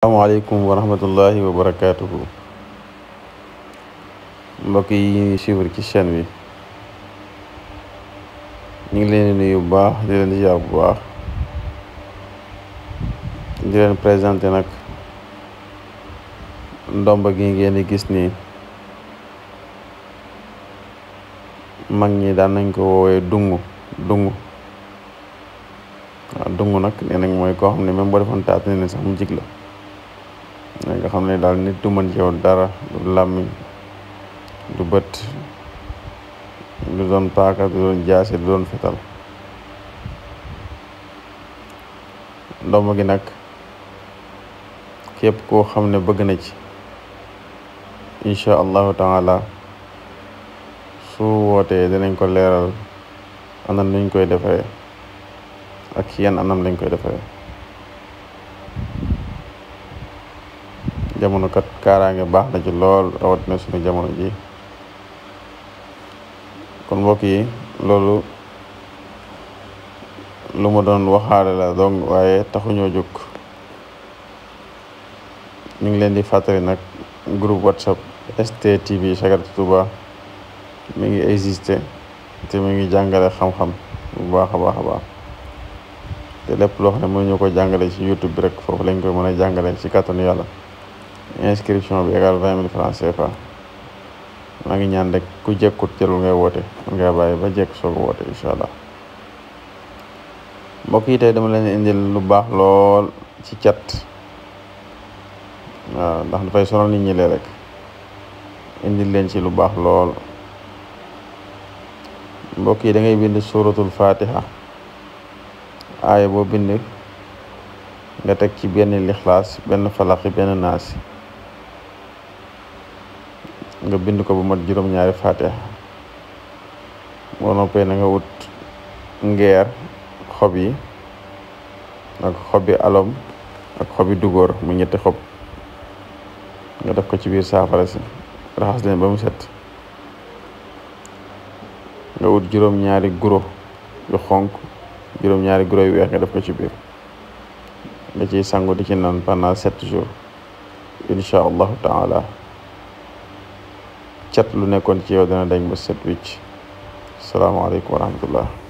salaamaaleykum wa rahmatullahi wa barakaatuhu mbokk yi si suivre ci sen wi ñu ngi leen di nuyu bu baax di leen ziar bu baax di leen présenté nag ndomba gi ngeen gis nii mag ñi daan nañ ko woowee dungu dungu waaw dungu nag nee mooy koo xam ne même boo defoon taat ne sax mu jig la nga xam ne daal nit du mën ci yow dara du làmmiñ du bët du doon paaka du doon jaase du doon fetal ndomb gi nag képp koo xam ne bëgg na ci incha allahu taala su wootee dinañ ko leeral ana lañ koy defee ak yan anam lañ koy defee jamono kat kaaraange baax na ci lool rawatina suñu jamono ji kon mbokk yi loolu lu mu doon waxaale la donc waaye taxuñoo jóg ñu ngi leen di fàttali nag groupe whatsapp STTV Sakatou Touba mi ngi existé te mi ngi jàngale xam-xam bu baax a baax a baax te lépp loo xam ne mënuñu ko jàngale ci YouTube bi rek foofu lañ koy mën a jàngale ci kàttanu yàlla inscription bi égal vingt mille francs CFA maa ngi ñaan rek ku jekkut ci ngay woote mën ngaa bàyyi ba jekk soog woote incha allah mbokk yi tey dama leen indil lu baax lool ci cat waaw ndax dafay sonal nit ñi rek indil leen ci lu baax lool mbokk yi da ngay bind suratul fatiha aaya boo bind nga teg ci benn lixlaas benn falaxi benn naasi nga bind ko bu mat juróom-ñaari fatiha boo noppee na nga wut ngeer xob yi ak xobi alom ak xobi dugóor mu ñetti xob nga def ko ci biir saafara si raxas leen ba mu set nga wut juróom-ñaari guro yu xonk juróom-ñaari guro yu weex nga def ko ci biir nga ciy sangu di ci naan pendant sept jours incha allahu taala cet lu nekkoon ci yow dana dañ ba set wicc salaamaaleykum wa